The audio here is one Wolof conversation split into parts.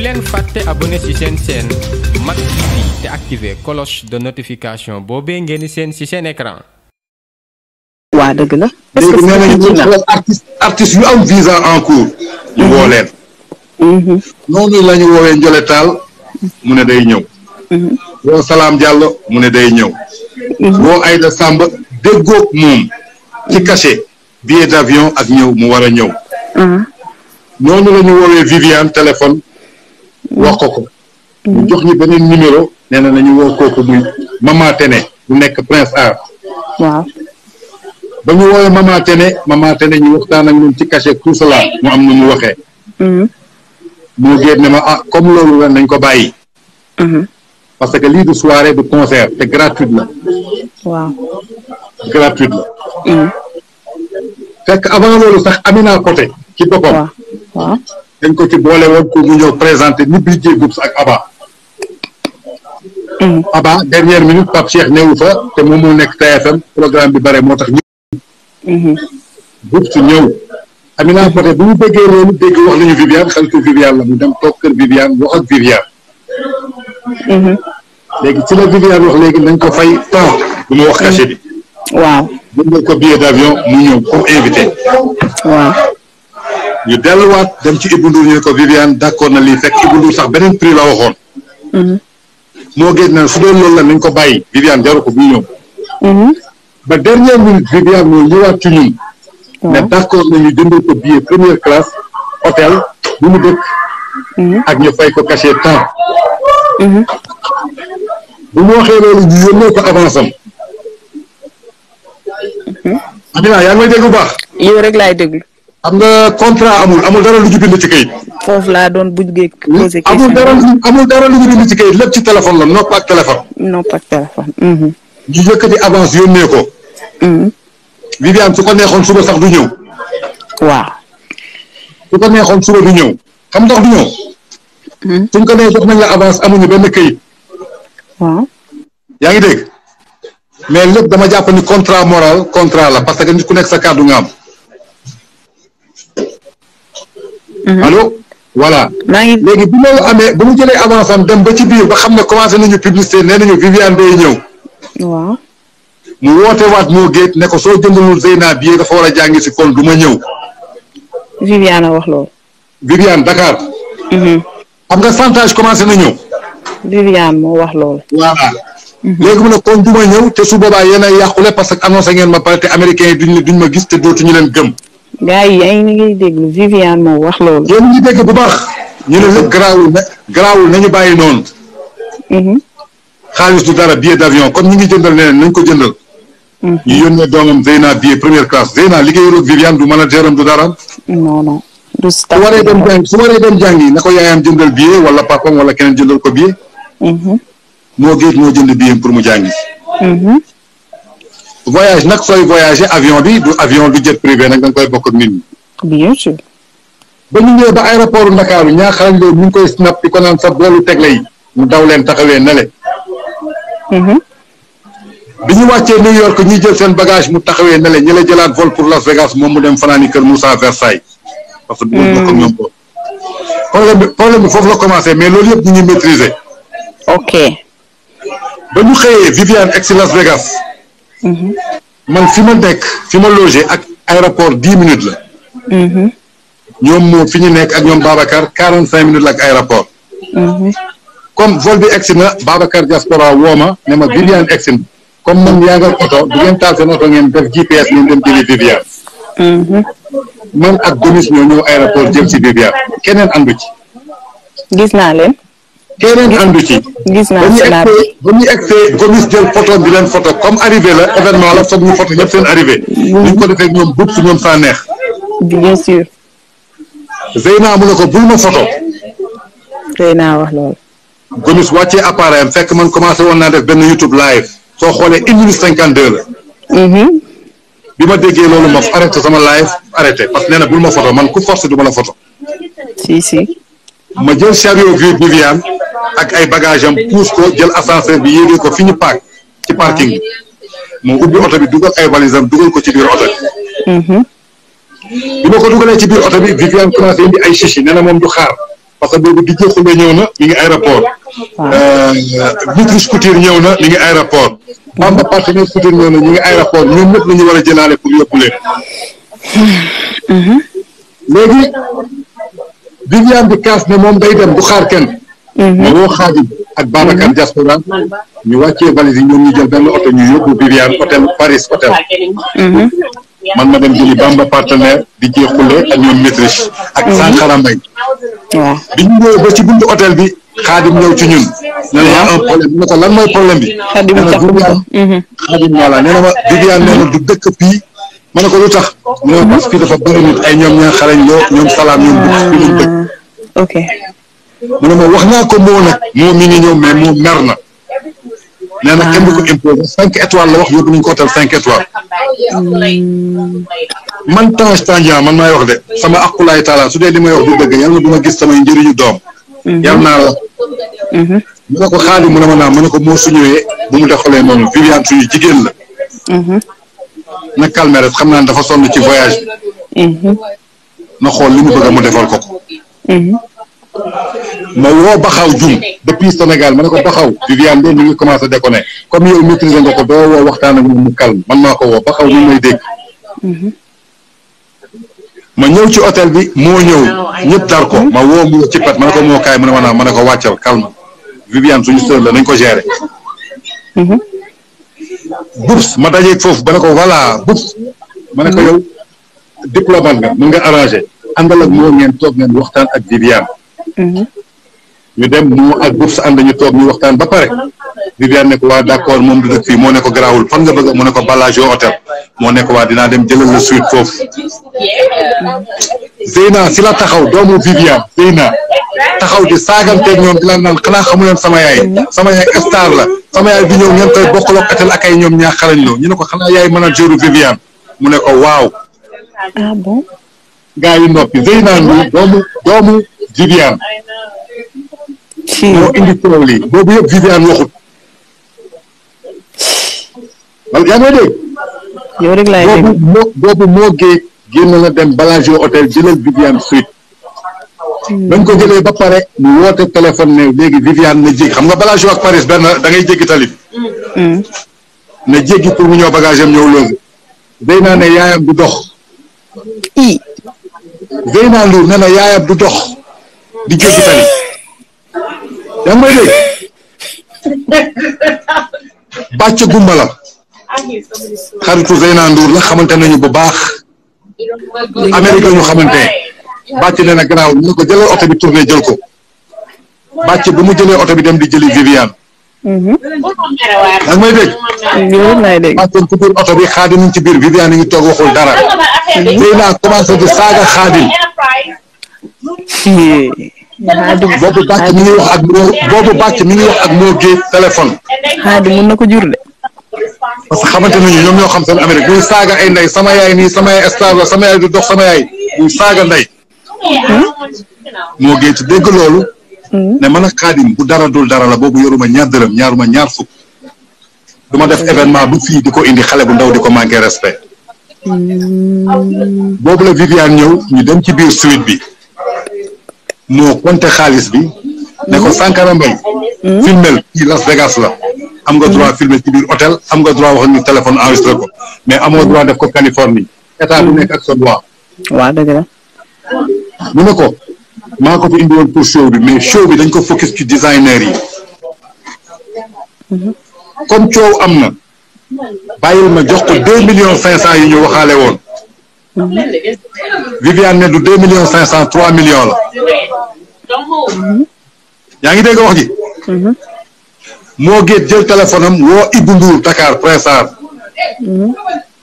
bu leen fàtte abonné ci seen seen Mak TV te activer cloche de notification boobee ngeen seen ci seen écran. waa dëgg la. est yu am visa en cours. ñu woo mm-hmm. noonu la ñu woowee Ndiolé mu ne day ñëw. Mm-hmm. woo Salam Diallo mu ne day ñëw. Mm-hmm. woo Aïda Samba déggoog moom ci cachet billet d'avion ak ñëw mu war a ñëw. Ah. noonu la woowee Viviane téléphone. wax ko ko. mu jox ñu beneen numéro nee nañu woo kooku muy Mama Tene nekk Prince Art. waaw ba ñu woowee Mama Tene Mama Tene ñu waxtaan ak ñun ci cachet tout cela mu am nu mu waxee. Mm-hmm. moo génn ne ma ah comme loolu la nañ ko bàyyi. Mm-hmm. parce que lii du soirée du concert te gratuite la. waaw gratuite la. Mm-hmm. fekk avant loolu sax Amina Poté ci boppam. waaw dañ ko ci boole woon ko mu ñëw présenté ni bi Gueye ak Aba. Mm. Aba dernière minute Pape Cheikh ñëwu fa te moom moo nekk TFM programme bi bare moo tax ñëw. Mm-hmm. Gueye ñëw. Amina Poté bu ñu déggee loolu dégg wax nañu Viviane xaritu Viviane la mu dem toog kër Viviane wax ak Viviane. Mm-hmm. léegi ci la Viviane wax léegi dañ ko fay temps bu mu wax cachet bi. Mm-hmm. waaw jëndal ko billet d' avion mu ñëw comme invité. waaw. ñu delluwaat dem ci Ibou Ndour ñu ne ko Viviane d'accord na lii fekk Ibou sax beneen prix la waxoon. Mm-hmm. moo génn na su doon loolu la nañ ko bàyyi Viviane jaru ko bu ñu ñëw. Mm-hmm. ba dernière minute Viviane moo ñëwaat ci ñun. mais d'accord na ñu jëndee ko billet première classe hôtel bu mu dëkk. Mm-hmm. ak ñu fay ko cachet temps. bu mu waxee loolu ñu yónnee ko avance am. yaa ngi may dégg baax. yow rek laay déglu. am nga contrat amul amul dara lu ñu bind ci kayit. foofu laa doon buggee hmm? posé question. amul dara amul ñu bind ci kayit lépp ci téléphone la nopp ak téléphone. nopp ak téléphone. Mhm. ñu yëkkati avance yónnee ko. Mhm. Viviane su ko neexoon suba sax du ñëw. waaw. su neexoon suba du ñëw xam ndax du hmm? suñ ko nee jox nañ la avance amuñu benn kayit. waaw. yaa ngi dégg mais lépp dama jàpp ni contrat moral contrat la parce que nit ku nekk sa kàddu nga am. Mhm. allo voilà léegi bu loolu amee ba mu jëlee avance dem ba ci biir ba xam ne commencé nañu publicité nee nañu Viviane day ñëw waaw mu woote waat moo géet ne ko soo jëndalul naa bi dafa war a jàngi si kon du ma ñëw Viviane a wax loolu Viviane Dakar xam mhm. nga chantage commencé na ñëw Viviane moo wax loolu voilà mhm. léegi ne kon du ma ñëw te su boobaa yéen a yàqule parce que annoncé ma pare te américains duñ ma gis te dootuñu leen gëm gars yi yaa ngi déglu Viviane moo wax loolu. yéen ñu bu baax. ñu ne la garaawul na garaawul nañu bàyyi noonu. Mm-hmm. xaalis du dara billet d' avion comme ñi ngi jëndal leneen nañ ko jëndal. Mm-hmm. ñu yónnee doomam Zeyna billet première classe Zeyna liggéeyul ak Viviane du manager am du dara. non non du staff su waree dem jàng su jàngi na ko yaayam jëndal billet wala papam wala keneen jëndal ko billet. Mm-hmm. moo géej moo jënd billet pour mu jàngi. voyage nag sooy voyager avion bi du avion du jet privé nag da koy bokk ak nit ba ñu ñëwee ba aéroport Ndakaaru ñaaxal loolu ñu ngi koy snap di ko naan sa boolu tegle yi mu daw leen taxawee ne le. Mm-hmm. bi ñu wàccee New York ñuy jël seen bagage mu taxawee ne le ñu la jëlaat vol pour Las Vegas moom mu dem fanaani kër Moussa Versailles. parce que du bokk ak ñoom boobu. problème bi problème bi foofu la commencé mais loolu yëpp ñu ngi maîtriser. ok. ba ñu xëyee Viviane ex Las Vegas. man fi ma nekk fi ma logé ak aéroport dix minutes la. ñoom moom fi ñu nekk ak ñoom Babacar quarante cinq minutes la ak aéroport. comme vol bi egsi na Babacar diaspora woo ma ne ma Viviane egsi na comme man yaa ngal oto du ngeen taal seen oto ngeen def GPS ngeen dem jëli Viviane. man ak Gomis ñoo ñëw aéroport jëm si Viviane keneen am ci. gis naa leen. keneen àndu ci. gis naa xalaat bi ba ñu egg see gomis jël photo di leen photo comme arrivé la événement la foog ñu photo ñëpp seen arrivé. Mhm. ñu ko defee ñoom groupe ñoom saa neex. bien sûr. Zeyna mu ne ko bul ma photo. Zeyna wax loolu. gomis wàccee appareil am fekk man commencé woon naa def benn YouTube live soo xoolee une minute cinquante deux la. Mhm. bi ma déggee loolu ma arrêté sama live arrêté parce que nee na bul ma photo man ku force du ma la photo. si si. ma jël chariot bi Viviane. ak ay bagages am puus ko jël ascenseur bi yéegee ko fi ñu paak ci parking bi moo ubbi oto bi dugal ay valises am dugal ko ci biir oto bi. Mhm. bi ma ko dugalee ci biir oto bi Viviane moom du xaar parce que di joxul la na mi ngi aéroport. Bitrus Couture ñëw na mi ngi aéroport. Euh, Bamba partenaire Couture ñëw na ñu ngi aéroport ñoom ñëpp la ñu a jëlaale pour yóbbu leen. Mhm. léegi Viviane bi kaas ne moom day dem du xaar kenn. ma mm-hmm. woo Xaadim ak Babacar diaspora ñu wàccee valise yi ñoom ñu jël benn oto ñu yóbbu Viviane hôtel Paris hôtel mm-hmm. man ma dem jëli Bamba partenaire di jeexule ak ñoom maîtrise ak mm-hmm. Sankara Mbay waaw bi ñu ñëwee ba ci buntu hôtel bi Xaadim ñëw ci ñun ne la am problème ne ko lan mooy problème bi nee na Viviane Xaadim voilà ma Viviane nee du dëkk fii ma lu tax mu ne parce que dafa bëri nit ay ñoom ñaa xarañ loo ñoom salaam ñoom dëkk fi ñu dëkk ah, mu ne ma wax naa ko moo nag moo mi ngi ñëw mais moo mer na nee na kenn du ko imposé cinq étoiles la wax yóbbu nañu ko hôtel cinq étoiles man Tange Tandian man maay wax de sama aqulaay taala su dee li ma wax du dëgg yàlla na du ma gis samay njëriñu doom mm-hmm. yàlla naa la mm-hmm. mu ko xaali mu ne ma naa mu ne ko moo su bu mu defalee noonu Viviane suñu jigéen la mm-hmm. na calme xam naa dafa sonn ci voyage bi na xool li mu bëgg mu defal ko ma woo xaw Dioum depuis Sénégal ma ne ko Baxaw Viviane de mi ngi commencé déconné comme yow maîtriser nga ko doo woo waxtaan ak moom mu calme man maa ko woo Baxaw mi may dégg. ma ñëw ci hôtel bi moo ñëw ñëpp dar ko ma woo mu ci pat ma ne ko moo kaay mu ne ma ma ne ko wàccal calme Viviane suñu sœur la nañ ko gérer. Boubs ma dajeeg foofu ba ne ko voilà Boubs ma ko yow diplomate nga mën nga arrangé àndal ak moo ngeen toog ngeen waxtaan ak Viviane. ñu dem mu ak Boubs ànd ñu toog ñu waxtaan ba pare Viviane ne ko waa d'accord moom du dëkk fii moo ne ko garaawul fan nga bëgg mu ne ko Bellagio hôtel moo ne ko waa dinaa dem jëlal la suite foofu Zeyna si la taxaw doomu Viviane Zeyna taxaw di saaganteeg ñoom di naan xanaa xamu leen sama yaay sama yaay star la sama yaay bi ñëw ngeen koy bokkaloo hôtel ak ay ñoom ñaa xarañ loo ñu ne ko xanaa yaay manager Viviane mu ne ko waaw. ah bon. gaa yi Viviane. moo indi coow lii boobu yëpp Viviane waxut. man yaa ngi dégg. boobu moo géej génn na dem Bellagio hôtel jëlal Viviane suite. dañ hmm. ko jëlee ba pare mu woote téléphone ne léegi Viviane na jéggi xam nga Bellagio ak Paris benn da ngay jéggi tali. Hmm. na jéggi pour mu ñëw bagage am ñëw loolu. ne yaayam du dox. i Zeyna Ndour ne yaayam du dox di jéggi tali. yaa may dégg bàcc gumba la xaritu Zeyna Ndour la xamante nañu bu baax Amérique ñu xamante bàcc nee na gannaaw ñu ko jëlee oto bi tourné jël ko bàcc bu mu jëlee oto bi dem di jëli Viviane. yaa ngi may dégg. may dégg bàcc ci biir oto bi xaadim ñu ci biir Viviane ñu toog waxul dara. Zeyna commencé di saaga xaadim. boobu bàcc mi ngi wax ak moo mi ngi wax ak moo géej téléphone. xaadi mun na ko jur de. parce que xamante nañu ñoom ñoo xam seen Amérique muy saaga ay ndey sama yaay nii sama yaay star sama yaay du dox sama yaay muy saaga ndey. moo géej dégg loolu. Hmm? ne man ak xaadim bu dara dul dara la boobu yoruma ñaar dërëm ñaaruma ñaar fukk. du ma def événement bu fii di ko indi xale bu ndaw di ko manqué respect. Hmm. boobu la Viviane ñëw ñu dem ci biir suite bi. moo compté xaalis bi ne ko Sankara Mbaye hmm? filmel ci Las Vegas la am nga droit filmer ci biir hôtel am nga droit wax ñu téléphone enregistré ko amoo droit def ko Californie état bu ak sa droit ne ko maa ko fi indi pour show bi mais show bi dañ ko focus ci designer yi hmm. comme coow am na bàyyil ma jox ko deux millions cinq cent yi ñu waxaale woon Viviane ne du deux million cinq cent trois millions la yaa ngi dégg wax ji moo géet jël téléphone am woo Ibou Ndour Dakar Pressard mu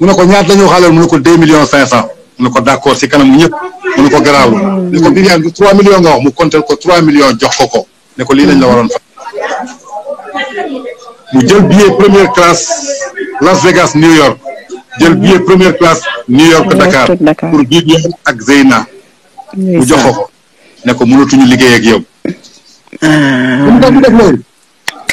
ne ko ñaata la ñu waxaale mu ne ko deux millions cinq cent mu ne ko d'accord si kanam ñëpp mu ne ko garaawul ne ko Viviane du trois millions nga wax mu compter ko trois million jox ko ko ne ko lii lañ la waroon mu jël billet première classe Las Vegas New York jël billet première classe New York Dakar pour Vivian ak Zeyna. mu jox ko ne ko mënatuñu liggéey ak yow. mu ah. tax mu def loolu.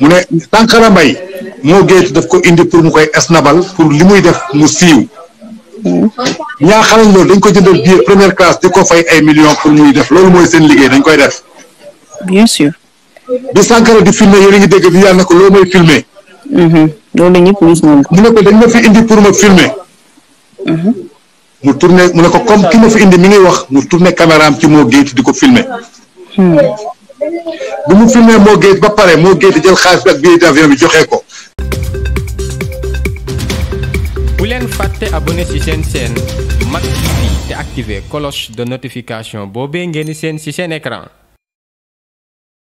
mu ne Sankara Mbaye moo géej daf ko indi pour mu koy esnabal pour li muy def mu siiw. Hmm. ñaa xalañ loolu dañ ko jëndal biir première classe di ko fay ay millions pour muy def loolu mooy seen liggéey dañ koy def. bien sûr. bi Sankara di filmer yéen a ngi dégg bi yàlla ko loolu mooy filmer. Hmm. loolu ñëpp gis nañ ne ko dañ ma fi indi pour ma filmer. mu tourné mu ne ko comme ki ma fi indi mi ngi wax mu tourné caméra am ci moo géet di ko filmer hmm. bu mu filmer moo géet ba pare moo géet jël xaalis bi ak billet d'avion bi joxe ko. bu leen fàtte abonné ci seen seen Mak TV te activer cloche de notification boobee ngeen seen ci seen écran.